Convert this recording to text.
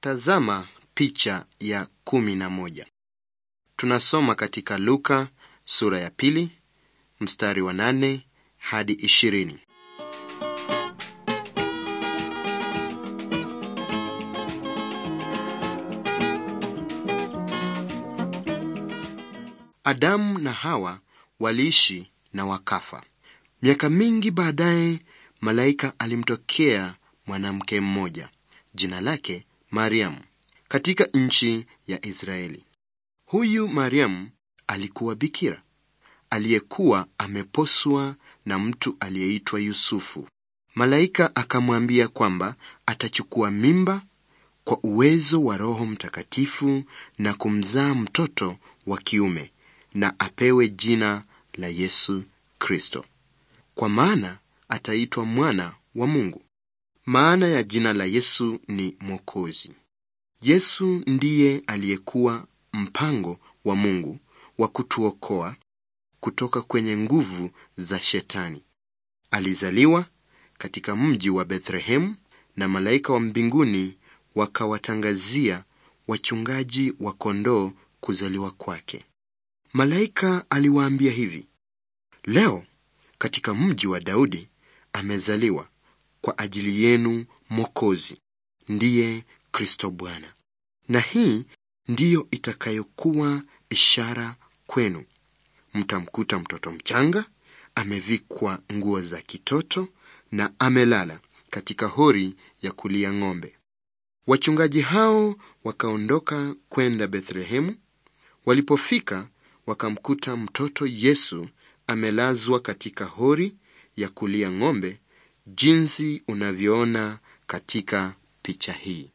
Tazama picha ya kumi na moja. Tunasoma katika Luka sura ya pili mstari wa nane hadi ishirini. Adamu na Hawa waliishi na wakafa. Miaka mingi baadaye, malaika alimtokea mwanamke mmoja, jina lake Mariam katika nchi ya Israeli. Huyu Mariam alikuwa bikira aliyekuwa ameposwa na mtu aliyeitwa Yusufu. Malaika akamwambia kwamba atachukua mimba kwa uwezo wa Roho Mtakatifu na kumzaa mtoto wa kiume na apewe jina la Yesu Kristo, kwa maana ataitwa mwana wa Mungu. Maana ya jina la Yesu ni Mwokozi. Yesu ndiye aliyekuwa mpango wa Mungu wa kutuokoa kutoka kwenye nguvu za Shetani. Alizaliwa katika mji wa Bethlehemu, na malaika wa mbinguni wakawatangazia wachungaji wa kondoo kuzaliwa kwake. Malaika aliwaambia hivi: Leo katika mji wa Daudi amezaliwa kwa ajili yenu Mwokozi, ndiye Kristo Bwana. Na hii ndiyo itakayokuwa ishara kwenu, mtamkuta mtoto mchanga amevikwa nguo za kitoto na amelala katika hori ya kulia ng'ombe. Wachungaji hao wakaondoka kwenda Bethlehemu. Walipofika wakamkuta mtoto Yesu amelazwa katika hori ya kulia ng'ombe, jinsi unavyoona katika picha hii.